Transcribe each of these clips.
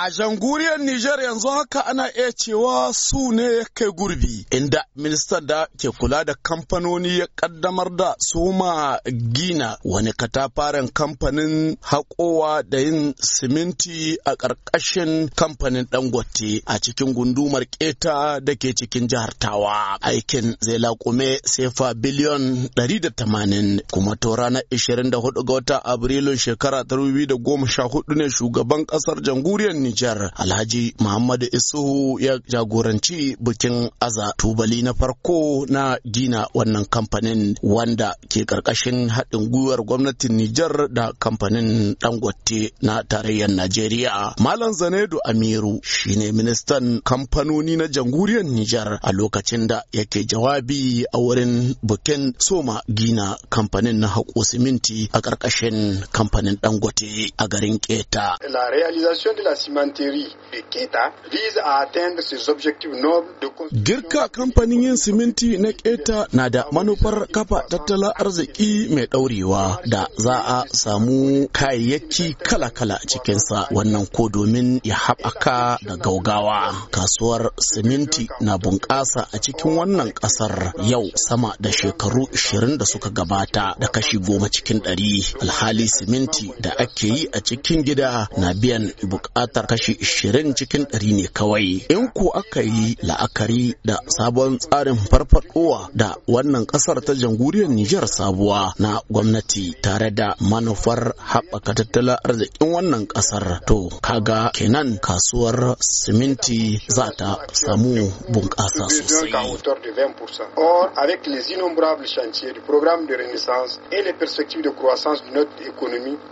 A janguriyar Nijar yanzu haka ana iya cewa su ne kai gurbi, inda Minista da ke kula da kamfanoni ya kaddamar da suma gina wani katafaren kamfanin haƙowa da yin siminti a ƙarƙashin kamfanin dangote a cikin gundumar keta da ke cikin jihar Tawa. Aikin zai laƙume sefa biliyon 180 kuma to ranar 24 ga Abrilun shekara 2014 ne shugaban ƙasar janguriyar Nijar Alhaji Muhammadu Isu ya jagoranci bikin aza tubali na farko na gina wannan kamfanin wanda ke karkashin haɗin gwiwar gwamnatin Nijar da kamfanin Dangote na tarayyar Najeriya. Malam Zanedo Amiru shine ministan kamfanoni na janguriyar Nijar a lokacin da yake jawabi a wurin bikin soma gina kamfanin na haƙo siminti a ƙarƙashin kamfanin Dangote a garin Keta. cimenterie Keta Girka kamfanin yin siminti na Keta na da manufar kafa tattalin arziki mai ɗaurewa da za a samu kayayyaki kala-kala cikin cikinsa wannan ko domin ya haɓaka da gaugawa. Kasuwar siminti na bunƙasa a cikin wannan ƙasar yau sama da shekaru 20 da suka gabata da kashi goma cikin ɗari. Alhali siminti da ake yi a cikin gida na biyan bukatar. tattara kashi 20 cikin 100 ne kawai in ko aka yi la'akari da sabon tsarin farfadowa da wannan kasar ta jamhuriyar Nijar sabuwa na gwamnati tare da manufar haɓaka tattalin arzikin wannan kasar to kaga kenan kasuwar siminti za ta samu bunƙasa sosai de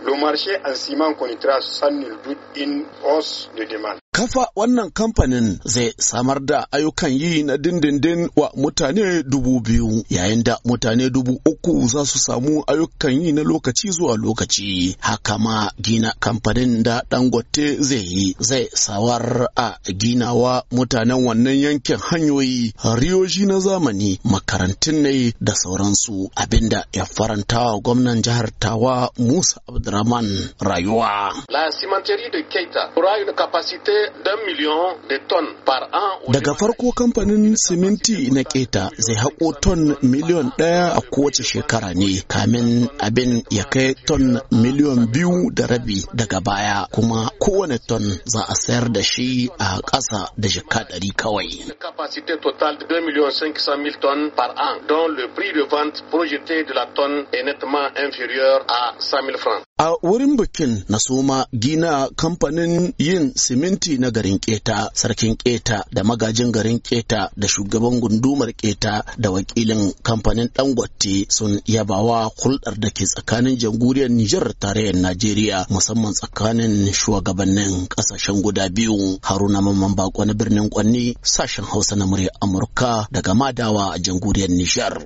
le marché en ciment connaîtra sans nul doute une the Kafa wannan kamfanin zai samar da ayyukan yi na dindindin wa mutane dubu biyu yayin da mutane dubu uku za su samu ayyukan yi na lokaci zuwa lokaci. Haka ma gina kamfanin da dangote zai yi zai sawar a ginawa mutanen wannan yankin hanyoyi riyoji na zamani makarantun ne da sauransu abinda ya faranta wa gwamnan jihar Tawa Musa Abdurrahman rayuwa. La Daga farko kamfanin siminti na keta zai haƙo ton miliyon ɗaya a kowace shekara ne kamin abin ya kai ton miliyon biyu da rabi daga baya kuma kowane ton za a sayar da shi a ƙasa da jika ɗari kawai. Don le prix de vente projeté de la tonne est nettement inférieur à 5000 francs. A wurin bikin na suma gina kamfanin yin siminti na garin keta, sarkin keta da magajin garin keta da shugaban gundumar keta da wakilin kamfanin dangote sun yabawa hulɗar da ke tsakanin jamhuriyar Nijar tarayyar Najeriya musamman tsakanin shugabannin ƙasashen guda biyu Haruna Mamman Bako na birnin Kwanni sashen Hausa na murya Amurka daga Madawa a jamhuriyar Nijar.